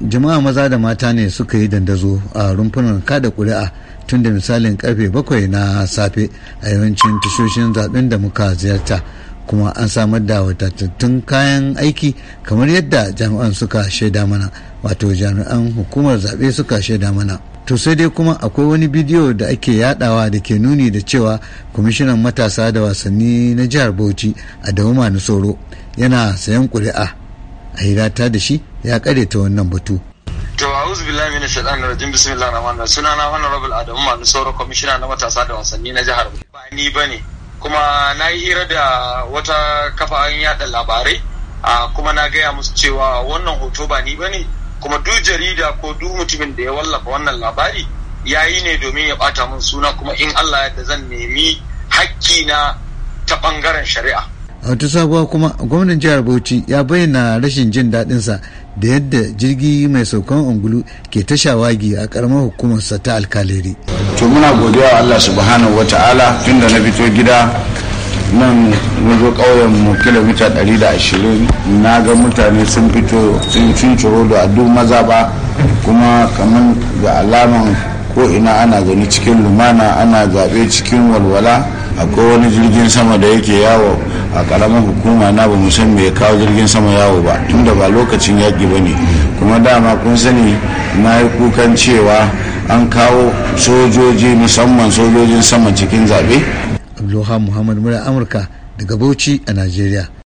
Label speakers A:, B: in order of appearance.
A: jama'a maza da mata ne suka yi dandazo a rumfunan kada kuri'a tun da misalin karfe bakwai na safe a yawancin tashoshin zaben da muka ziyarta kuma an samar da wadatattun kayan aiki kamar yadda jami'an suka shaida mana wato jami'an hukumar zaɓe suka shaida mana to sai dai kuma akwai wani bidiyo da ake yadawa da ke nuni da cewa kwamishinan matasa da wasanni na jihar bauchi a dauma na soro yana sayan kuri'a a hirata da shi ya ta wannan batu.
B: To shaɗan da rajin shaitanir na wannan suna na sunana honorable Adamu Manu Soro kwamishina na matasa da wasanni na jihar ba ni ba ne kuma na yi hira da wata kafa yada labarai kuma na gaya musu cewa wannan hoto ba ni ba ne. kuma duk jarida ko duk mutumin da ya wallafa wannan labari ya yi ne domin ya ɓata mun suna kuma in Allah ya zan nemi hakki na ta bangaren shari'a
A: wata sabuwa kuma gwamnan jihar bauchi ya bayyana rashin jin daɗinsa da yadda jirgi mai saukan ungulu ke ta shawagi a karamar hukumarsa ta alkaliri to muna godiya
C: allah subhanahu wa ta'ala tun da na fito gida nan zo ƙauyen mu kilomita 120 na ga mutane sun fito sun cinciro da duk maza ba kuma kamar ga alaman ko ina ana gani cikin lumana ana zaɓe cikin walwala akwai wani jirgin sama da yake yawo a karamin hukuma na ba san me kawo jirgin sama yawo ba tunda ba lokacin yaƙi ba ne kuma dama kun sani na yi kukan cewa an kawo sojoji musamman sojojin sama cikin zaɓe.
A: abdullahi muhammad mura amurka daga bauchi a najeriya